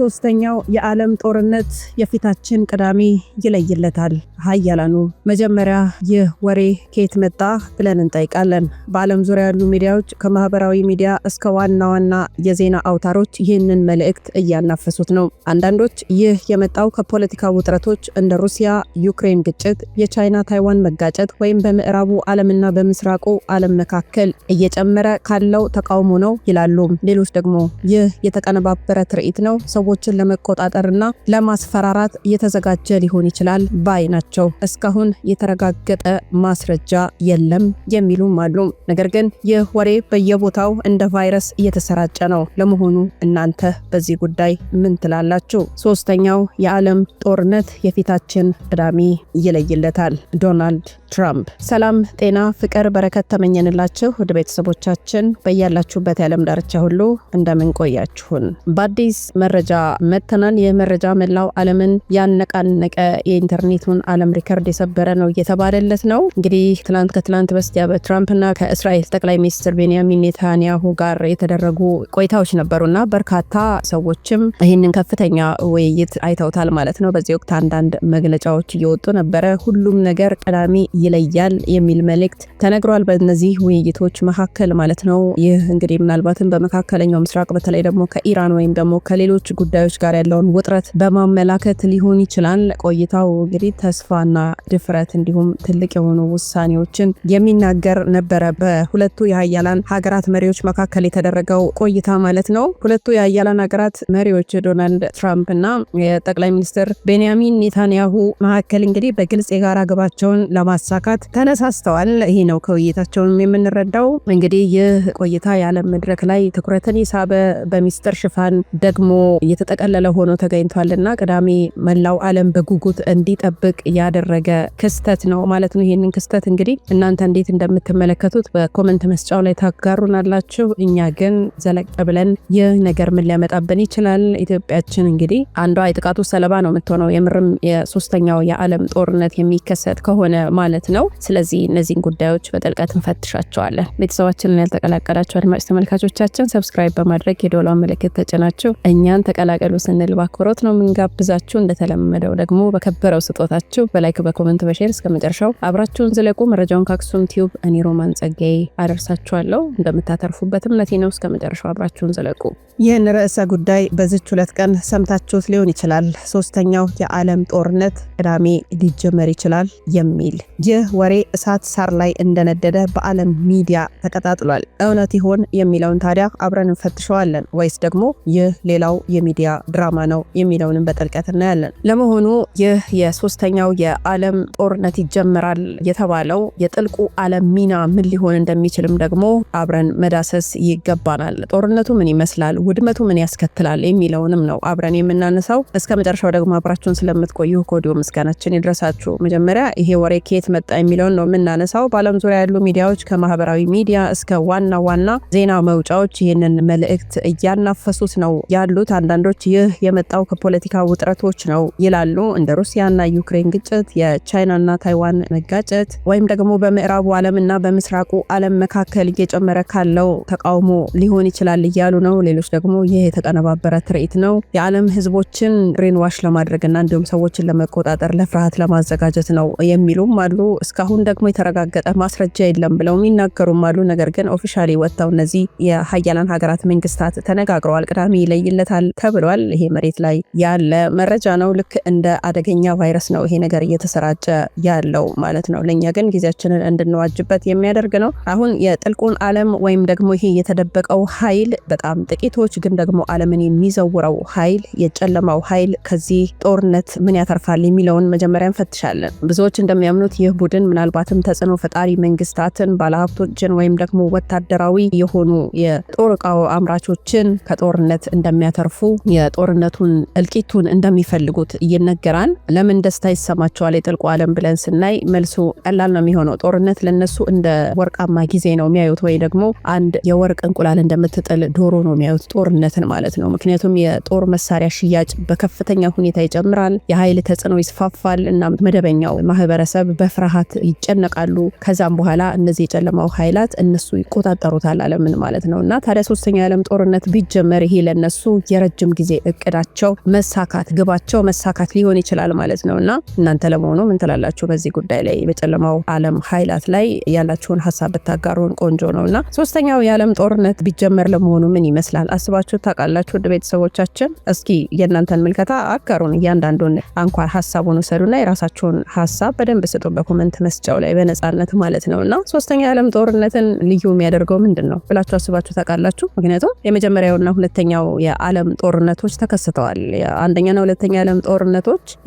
ሶስተኛው የዓለም ጦርነት የፊታችን ቅዳሜ ይለይለታል። ሀያላኑ መጀመሪያ ይህ ወሬ ከየት መጣ ብለን እንጠይቃለን። በዓለም ዙሪያ ያሉ ሚዲያዎች ከማህበራዊ ሚዲያ እስከ ዋና ዋና የዜና አውታሮች ይህንን መልእክት እያናፈሱት ነው። አንዳንዶች ይህ የመጣው ከፖለቲካ ውጥረቶች እንደ ሩሲያ ዩክሬን ግጭት፣ የቻይና ታይዋን መጋጨት ወይም በምዕራቡ ዓለምና በምስራቁ ዓለም መካከል እየጨመረ ካለው ተቃውሞ ነው ይላሉ። ሌሎች ደግሞ ይህ የተቀነባበረ ትርኢት ነው፣ ሰዎችን ለመቆጣጠርና ለማስፈራራት የተዘጋጀ ሊሆን ይችላል ባይ ናቸው። ናቸው። እስካሁን የተረጋገጠ ማስረጃ የለም የሚሉም አሉ። ነገር ግን ይህ ወሬ በየቦታው እንደ ቫይረስ እየተሰራጨ ነው። ለመሆኑ እናንተ በዚህ ጉዳይ ምን ትላላችሁ? ሶስተኛው የዓለም ጦርነት የፊታችን ቅዳሜ ይለይለታል። ዶናልድ ትራምፕ። ሰላም፣ ጤና፣ ፍቅር፣ በረከት ተመኘንላችሁ ወደ ቤተሰቦቻችን በያላችሁበት የዓለም ዳርቻ ሁሉ እንደምን ቆያችሁን። በአዲስ መረጃ መጥተናል። ይህ መረጃ መላው ዓለምን ያነቃነቀ የኢንተርኔቱን የዓለም ሪከርድ የሰበረ ነው እየተባለለት ነው። እንግዲህ ትላንት ከትላንት በስቲያ በትራምፕና ከእስራኤል ጠቅላይ ሚኒስትር ቤንያሚን ኔታንያሁ ጋር የተደረጉ ቆይታዎች ነበሩና በርካታ ሰዎችም ይህንን ከፍተኛ ውይይት አይተውታል ማለት ነው። በዚህ ወቅት አንዳንድ መግለጫዎች እየወጡ ነበረ። ሁሉም ነገር ቀዳሚ ይለያል የሚል መልእክት ተነግሯል በእነዚህ ውይይቶች መካከል ማለት ነው። ይህ እንግዲህ ምናልባትም በመካከለኛው ምስራቅ በተለይ ደግሞ ከኢራን ወይም ደግሞ ከሌሎች ጉዳዮች ጋር ያለውን ውጥረት በማመላከት ሊሆን ይችላል። ቆይታው እንግዲህ ተስፋ ተስፋና ድፍረት እንዲሁም ትልቅ የሆኑ ውሳኔዎችን የሚናገር ነበረ በሁለቱ የሀያላን ሀገራት መሪዎች መካከል የተደረገው ቆይታ ማለት ነው። ሁለቱ የሀያላን ሀገራት መሪዎች ዶናልድ ትራምፕ እና የጠቅላይ ሚኒስትር ቤንያሚን ኔታንያሁ መካከል እንግዲህ በግልጽ የጋራ ግባቸውን ለማሳካት ተነሳስተዋል። ይህ ነው ከውይይታቸውን የምንረዳው። እንግዲህ ይህ ቆይታ የዓለም መድረክ ላይ ትኩረትን የሳበ በሚስጥር ሽፋን ደግሞ የተጠቀለለ ሆኖ ተገኝቷልና ቅዳሜ መላው ዓለም በጉጉት እንዲጠብቅ ያደረገ ክስተት ነው ማለት ነው። ይህንን ክስተት እንግዲህ እናንተ እንዴት እንደምትመለከቱት በኮመንት መስጫው ላይ ታጋሩናላችሁ። እኛ ግን ዘለቅ ብለን ይህ ነገር ምን ሊያመጣብን ይችላል፣ ኢትዮጵያችን እንግዲህ አንዷ የጥቃቱ ሰለባ ነው የምትሆነው የምርም የሶስተኛው የዓለም ጦርነት የሚከሰት ከሆነ ማለት ነው። ስለዚህ እነዚህን ጉዳዮች በጥልቀት እንፈትሻቸዋለን። ቤተሰባችንን ያልተቀላቀላቸው አድማጭ ተመልካቾቻችን ሰብስክራይብ በማድረግ የዶላ ምልክት ተጭናችሁ እኛን ተቀላቀሉ ስንል በአክብሮት ነው የምንጋብዛችሁ። እንደተለመደው ደግሞ በከበረው ስጦታችሁ በላይክ በኮመንት በሼር እስከ መጨረሻው አብራችሁን ዝለቁ። መረጃውን ከአክሱም ቲዩብ እኔ ሮማን ጸጋዬ አደርሳችኋለሁ። እንደምታተርፉበት እምነቴ ነው። እስከ መጨረሻው አብራችሁን ዝለቁ። ይህን ርዕሰ ጉዳይ በዚች ሁለት ቀን ሰምታችሁት ሊሆን ይችላል። ሶስተኛው የዓለም ጦርነት ቅዳሜ ሊጀመር ይችላል የሚል ይህ ወሬ እሳት ሳር ላይ እንደነደደ በዓለም ሚዲያ ተቀጣጥሏል። እውነት ይሆን የሚለውን ታዲያ አብረን እንፈትሸዋለን፣ ወይስ ደግሞ ይህ ሌላው የሚዲያ ድራማ ነው የሚለውንም በጥልቀት እናያለን። ለመሆኑ ይህ የሶስተኛው የዓለም ጦርነት ይጀምራል የተባለው የጥልቁ ዓለም ሚና ምን ሊሆን እንደሚችልም ደግሞ አብረን መዳሰስ ይገባናል። ጦርነቱ ምን ይመስላል፣ ውድመቱ ምን ያስከትላል የሚለውንም ነው አብረን የምናነሳው። እስከ መጨረሻው ደግሞ አብራችሁን ስለምትቆዩ ከወዲሁ ምስጋናችን ይድረሳችሁ። መጀመሪያ ይሄ ወሬ ከየት መጣ የሚለውን ነው የምናነሳው። በዓለም ዙሪያ ያሉ ሚዲያዎች ከማህበራዊ ሚዲያ እስከ ዋና ዋና ዜና መውጫዎች ይህንን መልእክት እያናፈሱት ነው ያሉት። አንዳንዶች ይህ የመጣው ከፖለቲካ ውጥረቶች ነው ይላሉ። እንደ ሩሲያና ዩክሬን ግጭት ግጭት፣ የቻይናና ታይዋን መጋጨት ወይም ደግሞ በምዕራቡ ዓለምና በምስራቁ ዓለም መካከል እየጨመረ ካለው ተቃውሞ ሊሆን ይችላል እያሉ ነው። ሌሎች ደግሞ ይህ የተቀነባበረ ትርኢት ነው፣ የዓለም ህዝቦችን ብሬን ዋሽ ለማድረግና እንዲሁም ሰዎችን ለመቆጣጠር ለፍርሃት ለማዘጋጀት ነው የሚሉም አሉ። እስካሁን ደግሞ የተረጋገጠ ማስረጃ የለም ብለው የሚናገሩም አሉ። ነገር ግን ኦፊሻሊ ወጥተው እነዚህ የሀያላን ሀገራት መንግስታት ተነጋግረዋል። ቅዳሜ ይለይለታል ተብሏል። ይሄ መሬት ላይ ያለ መረጃ ነው። ልክ እንደ አደገኛ ቫይረስ ነው ይሄ ነገር እየተሰራጨ ያለው ማለት ነው። ለእኛ ግን ጊዜያችንን እንድንዋጅበት የሚያደርግ ነው። አሁን የጥልቁን ዓለም ወይም ደግሞ ይሄ የተደበቀው ኃይል በጣም ጥቂቶች ግን ደግሞ ዓለምን የሚዘውረው ኃይል የጨለማው ኃይል ከዚህ ጦርነት ምን ያተርፋል የሚለውን መጀመሪያ እንፈትሻለን። ብዙዎች እንደሚያምኑት ይህ ቡድን ምናልባትም ተጽዕኖ ፈጣሪ መንግስታትን፣ ባለሀብቶችን ወይም ደግሞ ወታደራዊ የሆኑ የጦር እቃ አምራቾችን ከጦርነት እንደሚያተርፉ የጦርነቱን እልቂቱን እንደሚፈልጉት ይነገራል። ለምን ደስታ ይሰማ ይጠቅማቸዋል የጥልቁ ዓለም ብለን ስናይ መልሱ ቀላል ነው የሚሆነው። ጦርነት ለነሱ እንደ ወርቃማ ጊዜ ነው የሚያዩት፣ ወይ ደግሞ አንድ የወርቅ እንቁላል እንደምትጥል ዶሮ ነው የሚያዩት ጦርነትን ማለት ነው። ምክንያቱም የጦር መሳሪያ ሽያጭ በከፍተኛ ሁኔታ ይጨምራል፣ የኃይል ተጽዕኖ ይስፋፋል እና መደበኛው ማህበረሰብ በፍርሃት ይጨነቃሉ። ከዛም በኋላ እነዚህ የጨለማው ኃይላት እነሱ ይቆጣጠሩታል ዓለምን ማለት ነው እና ታዲያ ሶስተኛ የዓለም ጦርነት ቢጀመር ይሄ ለነሱ የረጅም ጊዜ እቅዳቸው መሳካት ግባቸው መሳካት ሊሆን ይችላል ማለት ነው እና እናንተ ለመሆኑ ምን ትላላችሁ? በዚህ ጉዳይ ላይ በጨለማው ዓለም ኃይላት ላይ ያላችሁን ሀሳብ ብታጋሩን ቆንጆ ነው እና ሶስተኛው የዓለም ጦርነት ቢጀመር ለመሆኑ ምን ይመስላል? አስባችሁ ታውቃላችሁ? ውድ ቤተሰቦቻችን እስኪ የእናንተን ምልከታ አጋሩን። እያንዳንዱን አንኳር ሀሳቡን ውሰዱና የራሳችሁን ሀሳብ በደንብ ስጡ፣ በኮመንት መስጫው ላይ በነጻነት ማለት ነው እና ሶስተኛ የዓለም ጦርነትን ልዩ የሚያደርገው ምንድን ነው ብላችሁ አስባችሁ ታውቃላችሁ? ምክንያቱም የመጀመሪያውና ሁለተኛው የዓለም ጦርነቶች ተከስተዋል። አንደኛና ሁለተኛ የዓለም ጦርነቶች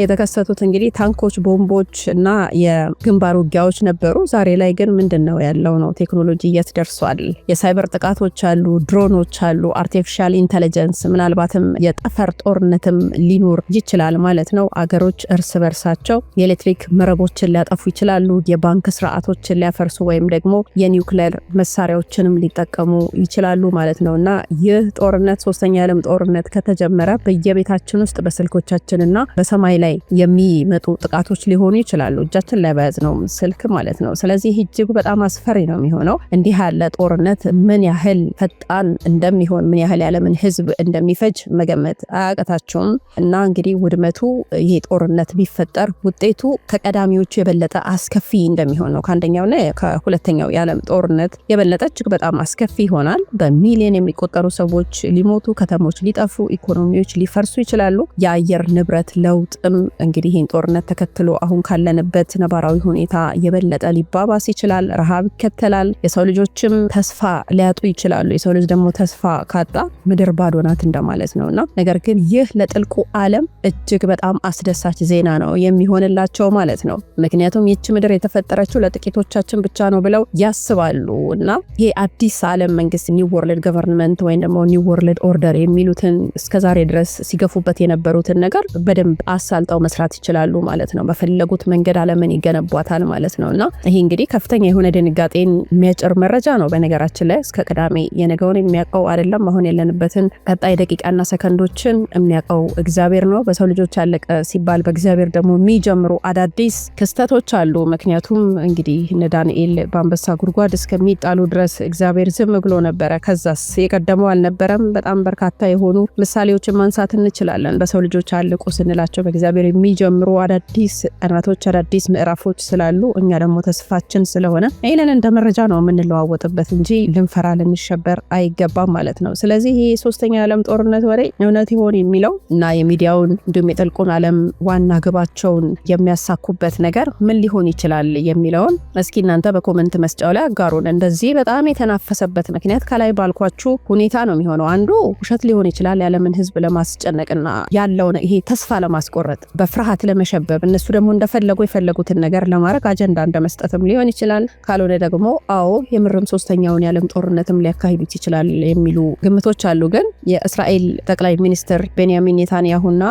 የተከሰቱት እንግዲህ ታንኮች፣ ቦምቦች እና የግንባር ውጊያዎች ነበሩ። ዛሬ ላይ ግን ምንድን ነው ያለው ነው ቴክኖሎጂ የት ደርሷል? የሳይበር ጥቃቶች አሉ፣ ድሮኖች አሉ፣ አርቲፊሻል ኢንተለጀንስ፣ ምናልባትም የጠፈር ጦርነትም ሊኖር ይችላል ማለት ነው። አገሮች እርስ በርሳቸው የኤሌክትሪክ መረቦችን ሊያጠፉ ይችላሉ፣ የባንክ ስርዓቶችን ሊያፈርሱ ወይም ደግሞ የኒውክሌር መሳሪያዎችንም ሊጠቀሙ ይችላሉ ማለት ነው እና ይህ ጦርነት ሶስተኛ የዓለም ጦርነት ከተጀመረ በየቤታችን ውስጥ በስልኮቻችን ና በሰማይ ላይ የሚመጡ ጥቃቶች ሊሆኑ ይችላሉ። እጃችን ላይ በያዝነው ስልክ ማለት ነው። ስለዚህ እጅግ በጣም አስፈሪ ነው የሚሆነው። እንዲህ ያለ ጦርነት ምን ያህል ፈጣን እንደሚሆን ምን ያህል ያለምን ህዝብ እንደሚፈጅ መገመት አያቀታቸውም እና እንግዲህ ውድመቱ ይሄ ጦርነት ቢፈጠር ውጤቱ ከቀዳሚዎቹ የበለጠ አስከፊ እንደሚሆን ነው። ከአንደኛውና ከሁለተኛው የዓለም ጦርነት የበለጠ እጅግ በጣም አስከፊ ይሆናል። በሚሊዮን የሚቆጠሩ ሰዎች ሊሞቱ፣ ከተሞች ሊጠፉ፣ ኢኮኖሚዎች ሊፈርሱ ይችላሉ። የአየር ንብረት ለውጥም እንግዲህ ይህን ጦርነት ተከትሎ አሁን ካለንበት ነባራዊ ሁኔታ የበለጠ ሊባባስ ይችላል። ረሃብ ይከተላል። የሰው ልጆችም ተስፋ ሊያጡ ይችላሉ። የሰው ልጅ ደግሞ ተስፋ ካጣ ምድር ባዶ ናት እንደማለት ነው እና ነገር ግን ይህ ለጥልቁ ዓለም እጅግ በጣም አስደሳች ዜና ነው የሚሆንላቸው ማለት ነው። ምክንያቱም ይቺ ምድር የተፈጠረችው ለጥቂቶቻችን ብቻ ነው ብለው ያስባሉ እና ይሄ አዲስ ዓለም መንግስት ኒው ወርልድ ገቨርንመንት ወይም ደግሞ ኒው ወርልድ ኦርደር የሚሉትን እስከዛሬ ድረስ ሲገፉበት የነበሩትን ነገር በደንብ አሳልጠው መስራት ይችላሉ ማለት ነው። ማለት ነው። በፈለጉት መንገድ አለምን ይገነቧታል ማለት ነው። እና ይሄ እንግዲህ ከፍተኛ የሆነ ድንጋጤን የሚያጭር መረጃ ነው። በነገራችን ላይ እስከ ቅዳሜ የነገውን የሚያውቀው አይደለም አሁን ያለንበትን ቀጣይ ደቂቃና ሰከንዶችን የሚያውቀው እግዚአብሔር ነው። በሰው ልጆች ያለቀ ሲባል በእግዚአብሔር ደግሞ የሚጀምሩ አዳዲስ ክስተቶች አሉ። ምክንያቱም እንግዲህ እነ ዳንኤል በአንበሳ ጉድጓድ እስከሚጣሉ ድረስ እግዚአብሔር ዝም ብሎ ነበረ። ከዛስ የቀደመው አልነበረም። በጣም በርካታ የሆኑ ምሳሌዎችን ማንሳት እንችላለን። በሰው ልጆች አልቁ ስንላቸው በእግዚአብሔር የሚጀምሩ አዳዲስ አዳዲስ ቀናቶች፣ አዳዲስ ምዕራፎች ስላሉ እኛ ደግሞ ተስፋችን ስለሆነ ይህንን እንደ መረጃ ነው የምንለዋወጥበት እንጂ ልንፈራ ልንሸበር አይገባም ማለት ነው። ስለዚህ ይህ ሶስተኛ የዓለም ጦርነት ወሬ እውነት ይሆን የሚለው እና የሚዲያውን እንዲሁም የጥልቁን ዓለም ዋና ግባቸውን የሚያሳኩበት ነገር ምን ሊሆን ይችላል የሚለውን እስኪ እናንተ በኮመንት መስጫው ላይ አጋሩን። እንደዚህ በጣም የተናፈሰበት ምክንያት ከላይ ባልኳችሁ ሁኔታ ነው የሚሆነው። አንዱ ውሸት ሊሆን ይችላል፣ የዓለምን ህዝብ ለማስጨነቅና ያለውን ይሄ ተስፋ ለማስቆረጥ በፍርሃት ለመሸበር ማንበብ እነሱ ደግሞ እንደፈለጉ የፈለጉትን ነገር ለማድረግ አጀንዳ እንደመስጠትም ሊሆን ይችላል። ካልሆነ ደግሞ አዎ የምርም ሶስተኛውን የዓለም ጦርነትም ሊያካሂዱት ይችላል የሚሉ ግምቶች አሉ። ግን የእስራኤል ጠቅላይ ሚኒስትር ቤንያሚን ኔታንያሁና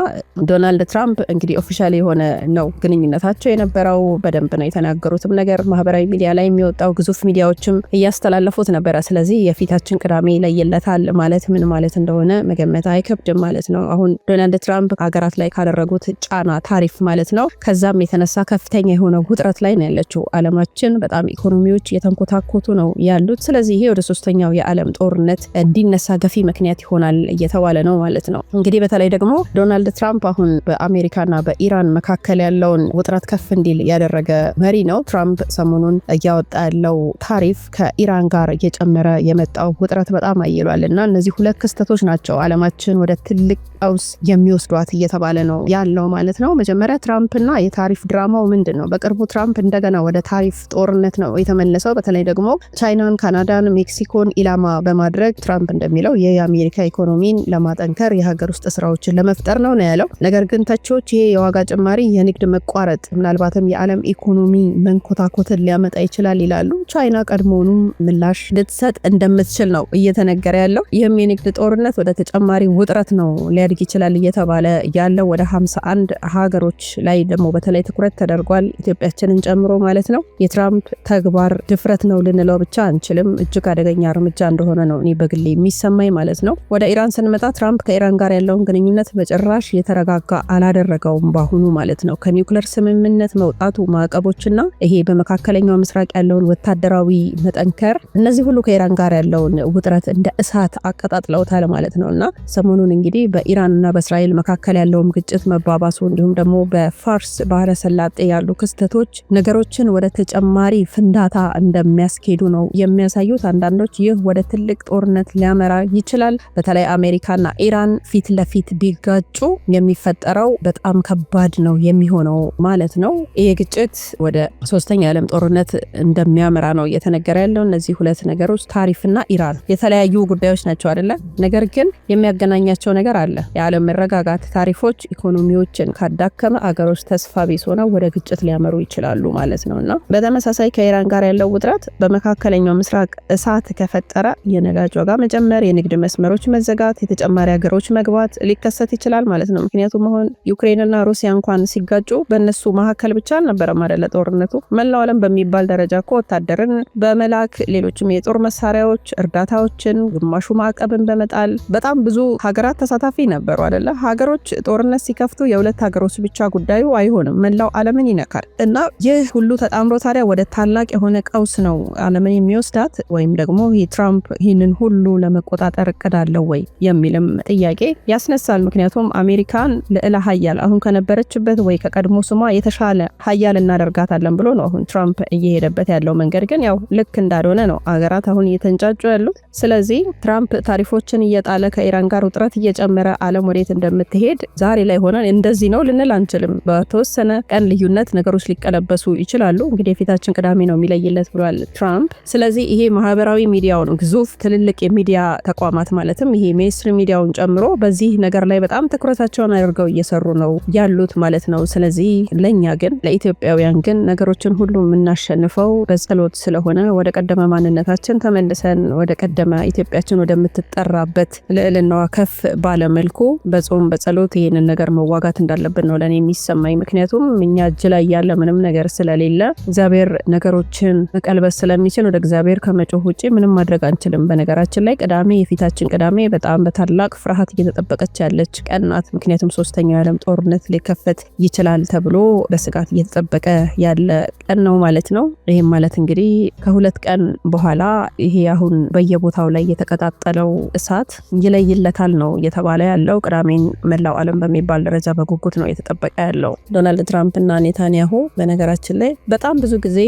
ዶናልድ ትራምፕ እንግዲህ ኦፊሻል የሆነ ነው ግንኙነታቸው የነበረው። በደንብ ነው የተናገሩትም ነገር ማህበራዊ ሚዲያ ላይ የሚወጣው ግዙፍ ሚዲያዎችም እያስተላለፉት ነበረ። ስለዚህ የፊታችን ቅዳሜ ይለይለታል ማለት ምን ማለት እንደሆነ መገመት አይከብድም ማለት ነው። አሁን ዶናልድ ትራምፕ ሀገራት ላይ ካደረጉት ጫና ታሪፍ ማለት ነው። ከዛም የተነሳ ከፍተኛ የሆነ ውጥረት ላይ ነው ያለችው አለማችን። በጣም ኢኮኖሚዎች እየተንኮታኮቱ ነው ያሉት። ስለዚህ ይሄ ወደ ሶስተኛው የዓለም ጦርነት እንዲነሳ ገፊ ምክንያት ይሆናል እየተባለ ነው ማለት ነው። እንግዲህ በተለይ ደግሞ ዶናልድ ትራምፕ አሁን በአሜሪካና በኢራን መካከል ያለውን ውጥረት ከፍ እንዲል ያደረገ መሪ ነው። ትራምፕ ሰሞኑን እያወጣ ያለው ታሪፍ ከኢራን ጋር እየጨመረ የመጣው ውጥረት በጣም አይሏል እና እነዚህ ሁለት ክስተቶች ናቸው አለማችን ወደ ትልቅ ቀውስ የሚወስዷት እየተባለ ነው ያለው ማለት ነው። መጀመሪያ ትራምፕ የትራምፕና የታሪፍ ድራማው ምንድን ነው? በቅርቡ ትራምፕ እንደገና ወደ ታሪፍ ጦርነት ነው የተመለሰው። በተለይ ደግሞ ቻይናን፣ ካናዳን፣ ሜክሲኮን ኢላማ በማድረግ ትራምፕ እንደሚለው የአሜሪካ ኢኮኖሚን ለማጠንከር የሀገር ውስጥ ስራዎችን ለመፍጠር ነው ነው ያለው። ነገር ግን ተቺዎች ይሄ የዋጋ ጭማሪ የንግድ መቋረጥ፣ ምናልባትም የዓለም ኢኮኖሚ መንኮታኮትን ሊያመጣ ይችላል ይላሉ። ቻይና ቀድሞውኑም ምላሽ ልትሰጥ እንደምትችል ነው እየተነገረ ያለው። ይህም የንግድ ጦርነት ወደ ተጨማሪ ውጥረት ነው ሊያድግ ይችላል እየተባለ ያለው ወደ 51 ሀገሮች ላይ ላይ ደግሞ በተለይ ትኩረት ተደርጓል። ኢትዮጵያችንን ጨምሮ ማለት ነው። የትራምፕ ተግባር ድፍረት ነው ልንለው ብቻ አንችልም። እጅግ አደገኛ እርምጃ እንደሆነ ነው እኔ በግሌ የሚሰማኝ ማለት ነው። ወደ ኢራን ስንመጣ ትራምፕ ከኢራን ጋር ያለውን ግንኙነት በጭራሽ የተረጋጋ አላደረገውም በአሁኑ ማለት ነው። ከኒውክለር ስምምነት መውጣቱ፣ ማዕቀቦችና ይሄ በመካከለኛው ምስራቅ ያለውን ወታደራዊ መጠንከር፣ እነዚህ ሁሉ ከኢራን ጋር ያለውን ውጥረት እንደ እሳት አቀጣጥለውታል ማለት ነው እና ሰሞኑን እንግዲህ በኢራንና በእስራኤል መካከል ያለውም ግጭት መባባሱ እንዲሁም ደግሞ ፋርስ ባህረ ሰላጤ ያሉ ክስተቶች ነገሮችን ወደ ተጨማሪ ፍንዳታ እንደሚያስኬዱ ነው የሚያሳዩት። አንዳንዶች ይህ ወደ ትልቅ ጦርነት ሊያመራ ይችላል። በተለይ አሜሪካና ኢራን ፊት ለፊት ቢጋጩ የሚፈጠረው በጣም ከባድ ነው የሚሆነው ማለት ነው። ይህ ግጭት ወደ ሶስተኛ የዓለም ጦርነት እንደሚያመራ ነው እየተነገረ ያለው። እነዚህ ሁለት ነገሮች ታሪፍና ኢራን የተለያዩ ጉዳዮች ናቸው አይደለም። ነገር ግን የሚያገናኛቸው ነገር አለ። የዓለም መረጋጋት ታሪፎች ኢኮኖሚዎችን ካዳከመ አገሮች ነገሮች ተስፋ ቢስ ሆነው ወደ ግጭት ሊያመሩ ይችላሉ ማለት ነው እና በተመሳሳይ ከኢራን ጋር ያለው ውጥረት በመካከለኛው ምስራቅ እሳት ከፈጠረ የነዳጅ ዋጋ መጨመር፣ የንግድ መስመሮች መዘጋት፣ የተጨማሪ ሀገሮች መግባት ሊከሰት ይችላል ማለት ነው። ምክንያቱም አሁን ዩክሬንና ሩሲያ እንኳን ሲጋጩ በእነሱ መካከል ብቻ አልነበረም አይደለ ጦርነቱ መላው ዓለም በሚባል ደረጃ እኮ ወታደርን በመላክ ሌሎችም የጦር መሳሪያዎች እርዳታዎችን፣ ግማሹ ማዕቀብን በመጣል በጣም ብዙ ሀገራት ተሳታፊ ነበሩ አደለ። ሀገሮች ጦርነት ሲከፍቱ የሁለት ሀገሮች ብቻ ጉዳዩ ቀጣዩ አይሆንም፣ መላው ዓለምን ይነካል እና ይህ ሁሉ ተጣምሮ ታዲያ ወደ ታላቅ የሆነ ቀውስ ነው ዓለምን የሚወስዳት ወይም ደግሞ ትራምፕ ይህንን ሁሉ ለመቆጣጠር እቅድ አለው ወይ የሚልም ጥያቄ ያስነሳል። ምክንያቱም አሜሪካን ልዕለ ሀያል አሁን ከነበረችበት ወይ ከቀድሞ ስሟ የተሻለ ሀያል እናደርጋታለን ብሎ ነው አሁን ትራምፕ እየሄደበት ያለው መንገድ ግን ያው ልክ እንዳልሆነ ነው አገራት አሁን እየተንጫጩ ያሉት። ስለዚህ ትራምፕ ታሪፎችን እየጣለ ከኢራን ጋር ውጥረት እየጨመረ ዓለም ወዴት እንደምትሄድ ዛሬ ላይ ሆነን እንደዚህ ነው ልንል አንችልም። በተወሰነ ቀን ልዩነት ነገሮች ሊቀለበሱ ይችላሉ። እንግዲህ የፊታችን ቅዳሜ ነው የሚለይለት ብሏል ትራምፕ። ስለዚህ ይሄ ማህበራዊ ሚዲያውን ግዙፍ ትልልቅ የሚዲያ ተቋማት ማለትም ይሄ ሜንስትሪም ሚዲያውን ጨምሮ በዚህ ነገር ላይ በጣም ትኩረታቸውን አድርገው እየሰሩ ነው ያሉት ማለት ነው። ስለዚህ ለእኛ ግን ለኢትዮጵያውያን ግን ነገሮችን ሁሉ የምናሸንፈው በጸሎት ስለሆነ ወደ ቀደመ ማንነታችን ተመልሰን ወደ ቀደመ ኢትዮጵያችን ወደምትጠራበት ልዕልናዋ ከፍ ባለመልኩ በጾም በጸሎት ይህንን ነገር መዋጋት እንዳለብን ነው ለእኔ የሚሰማ የተሰማኝ። ምክንያቱም እኛ እጅ ላይ ያለ ምንም ነገር ስለሌለ እግዚአብሔር ነገሮችን መቀልበስ ስለሚችል ወደ እግዚአብሔር ከመጮህ ውጭ ምንም ማድረግ አንችልም። በነገራችን ላይ ቅዳሜ የፊታችን ቅዳሜ በጣም በታላቅ ፍርሃት እየተጠበቀች ያለች ቀን ናት። ምክንያቱም ሶስተኛው የዓለም ጦርነት ሊከፈት ይችላል ተብሎ በስጋት እየተጠበቀ ያለ ቀን ነው ማለት ነው። ይህም ማለት እንግዲህ ከሁለት ቀን በኋላ ይሄ አሁን በየቦታው ላይ የተቀጣጠለው እሳት ይለይለታል ነው እየተባለ ያለው። ቅዳሜን መላው ዓለም በሚባል ደረጃ በጉጉት ነው የተጠበቀ ያለው። የለውም። ዶናልድ ትራምፕ እና ኔታንያሁ በነገራችን ላይ በጣም ብዙ ጊዜ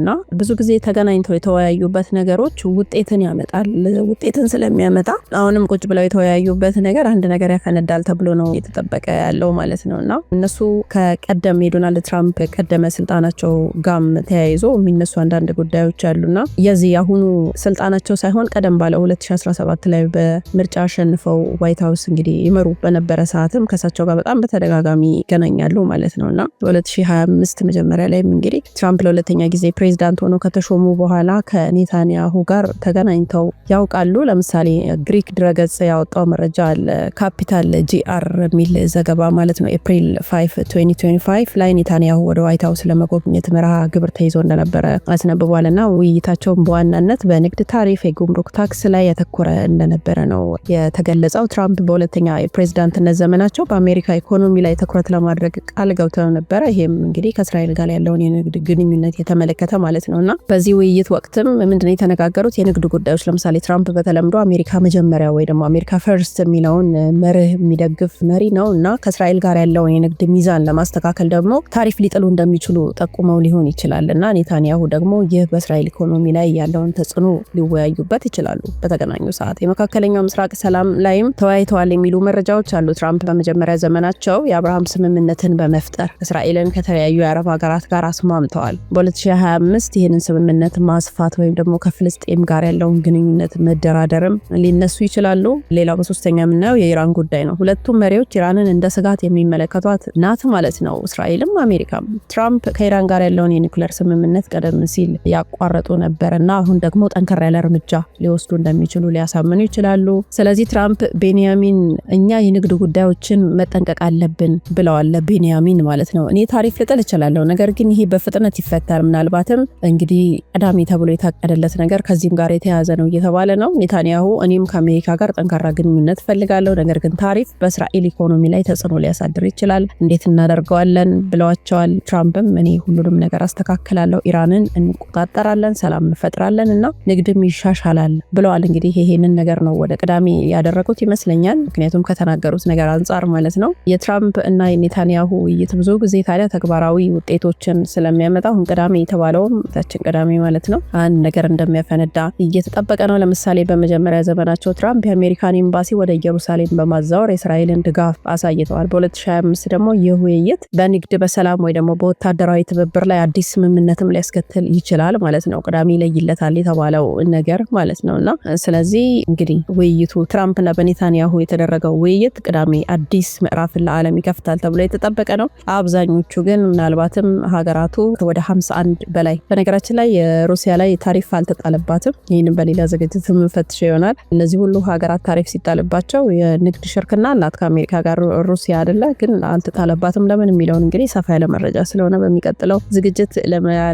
እና ብዙ ጊዜ ተገናኝተው የተወያዩበት ነገሮች ውጤትን ያመጣል። ውጤትን ስለሚያመጣ አሁንም ቁጭ ብለው የተወያዩበት ነገር አንድ ነገር ያፈነዳል ተብሎ ነው እየተጠበቀ ያለው ማለት ነው እና እነሱ ከቀደም የዶናልድ ትራምፕ ቀደመ ስልጣናቸው ጋም ተያይዞ የሚነሱ አንዳንድ ጉዳዮች አሉና የዚህ የአሁኑ ስልጣናቸው ሳይሆን ቀደም ባለ 2017 ላይ በምርጫ አሸንፈው ዋይት ሀውስ እንግዲህ ይመሩ በነበረ ሰዓትም ከሳቸው ጋር በጣም በተደጋጋሚ ይገናኛሉ ማለት ነው እና በ2025 መጀመሪያ ላይም እንግዲህ ትራምፕ ለሁለተኛ ጊዜ ፕሬዚዳንት ሆነው ከተሾሙ በኋላ ከኔታንያሁ ጋር ተገናኝተው ያውቃሉ። ለምሳሌ ግሪክ ድረገጽ ያወጣው መረጃ አለ። ካፒታል ጂአር የሚል ዘገባ ማለት ነው። ኤፕሪል 5 2025 ላይ ኔታንያሁ ወደ ዋይት ሀውስ ለመጎብኘት መርሃ ግብር ተይዞ እንደነበረ አስነብቧል እና ውይይታቸውን በዋናነት በንግድ ታሪፍ፣ የጉምሩክ ታክስ ላይ ያተኮረ እንደነበረ ነው የተገለጸው። ትራምፕ በሁለተኛ የፕሬዚዳንትነት ዘመናቸው በአሜሪካ ኢኮኖሚ ላይ ትኩረት ለማድረግ ቃል ገብተው ነበረ። ይሄም እንግዲህ ከእስራኤል ጋር ያለውን የንግድ ግንኙነት የተመለከተ ማለት ነው እና በዚህ ውይይት ወቅትም ምንድነው የተነጋገሩት የንግድ ጉዳዮች ለምሳሌ ትራምፕ በተለምዶ አሜሪካ መጀመሪያ ወይ ደግሞ አሜሪካ ፈርስት የሚለውን መርህ የሚደግፍ መሪ ነው እና ከእስራኤል ጋር ያለውን የንግድ ሚዛን ለማስተካከል ደግሞ ታሪፍ ሊጥሉ እንደሚችሉ ጠቁመው ሊሆን ይችላል እና ኔታንያሁ ደግሞ ይህ በእስራኤል ኢኮኖሚ ላይ ያለውን ተጽዕኖ ሊወያዩበት ይችላሉ። በተገናኙ ሰዓት የመካከለኛው ምስራቅ ሰላም ላይም ተወያይተዋል የሚሉ መረጃዎች አሉ። ትራምፕ በመጀመሪያ ዘመናቸው የአብርሃም ስምምነትን በመፍጠር እስራኤልን ከተለያዩ የአረብ ሀገራት ጋር አስማምተዋል። በ2025 ይህንን ስምምነት ማስፋት ወይም ደግሞ ከፍልስጤም ጋር ያለውን ግንኙነት መደራደርም ሊነሱ ይችላሉ። ሌላው በሶስተኛ የምናየው የኢራን ጉዳይ ነው። ሁለቱም መሪዎች ኢራንን እንደ ስጋት የሚመለከቷት ናት ማለት ነው፣ እስራኤልም አሜሪካም። ትራምፕ ከኢራን ጋር ያለውን የኒውክሌር ስምምነት ቀደም ሲል ያቋረጡ ነበር እና አሁን ደግሞ ጠንከር ያለ እርምጃ ሊወስዱ እንደሚችሉ ሊያሳምኑ ይችላሉ። ስለዚህ ትራምፕ ቤንያሚን እኛ የንግድ ጉዳዮችን መጠንቀቅ አለብን ብለው ትለዋለ ቤንያሚን ማለት ነው። እኔ ታሪፍ ልጥል እችላለሁ፣ ነገር ግን ይሄ በፍጥነት ይፈታል። ምናልባትም እንግዲህ ቀዳሚ ተብሎ የታቀደለት ነገር ከዚህም ጋር የተያያዘ ነው እየተባለ ነው። ኔታንያሁ እኔም ከአሜሪካ ጋር ጠንካራ ግንኙነት ፈልጋለሁ፣ ነገር ግን ታሪፍ በእስራኤል ኢኮኖሚ ላይ ተጽዕኖ ሊያሳድር ይችላል፣ እንዴት እናደርገዋለን ብለዋቸዋል። ትራምፕም እኔ ሁሉንም ነገር አስተካክላለሁ፣ ኢራንን እንቆጣጠራለን፣ ሰላም እንፈጥራለን እና ንግድም ይሻሻላል ብለዋል። እንግዲህ ይሄንን ነገር ነው ወደ ቅዳሜ ያደረጉት ይመስለኛል፣ ምክንያቱም ከተናገሩት ነገር አንጻር ማለት ነው የትራምፕ እና የኔታንያሁ ውይይት ብዙ ጊዜ ታዲያ ተግባራዊ ውጤቶችን ስለሚያመጣ አሁን ቅዳሜ የተባለውም ታችን ቅዳሜ ማለት ነው አንድ ነገር እንደሚያፈነዳ እየተጠበቀ ነው። ለምሳሌ በመጀመሪያ ዘመናቸው ትራምፕ የአሜሪካን ኤምባሲ ወደ ኢየሩሳሌም በማዛወር የእስራኤልን ድጋፍ አሳይተዋል። በ2025 ደግሞ ይህ ውይይት በንግድ በሰላም ወይ ደግሞ በወታደራዊ ትብብር ላይ አዲስ ስምምነትም ሊያስከትል ይችላል ማለት ነው። ቅዳሜ ይለይለታል የተባለው ነገር ማለት ነው። እና ስለዚህ እንግዲህ ውይይቱ ትራምፕና በኔታንያሁ የተደረገው ውይይት ቅዳሜ አዲስ ምዕራፍን ለዓለም ይከፍታል ተብሎ የተጠበቀ ነው። አብዛኞቹ ግን ምናልባትም ሀገራቱ ወደ 51 በላይ በነገራችን ላይ የሩሲያ ላይ ታሪፍ አልተጣለባትም። ይህንም በሌላ ዝግጅት ምንፈትሽ ይሆናል። እነዚህ ሁሉ ሀገራት ታሪፍ ሲጣልባቸው የንግድ ሽርክና እናት ከአሜሪካ ጋር ሩሲያ አይደለ፣ ግን አልተጣለባትም። ለምን የሚለውን እንግዲህ ሰፋ ያለ መረጃ ስለሆነ በሚቀጥለው ዝግጅት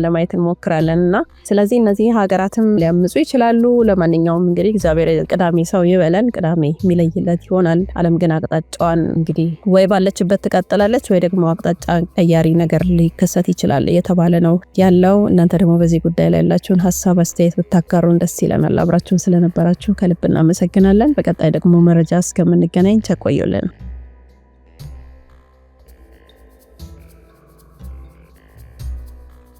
ለማየት እንሞክራለን እና ስለዚህ እነዚህ ሀገራትም ሊያምፁ ይችላሉ። ለማንኛውም እንግዲህ እግዚአብሔር ቅዳሜ ሰው ይበለን። ቅዳሜ የሚለይለት ይሆናል። አለም ግን አቅጣጫዋን እንግዲህ ወይ ባለችበት ትቀጥላለች ወይ ደግሞ አቅጣጫ ቀያሪ ነገር ሊከሰት ይችላል እየተባለ ነው ያለው። እናንተ ደግሞ በዚህ ጉዳይ ላይ ያላችሁን ሀሳብ አስተያየት ብታጋሩን ደስ ይለናል። አብራችሁን ስለነበራችሁ ከልብ እናመሰግናለን። በቀጣይ ደግሞ መረጃ እስከምንገናኝ ቸር ቆዩልን።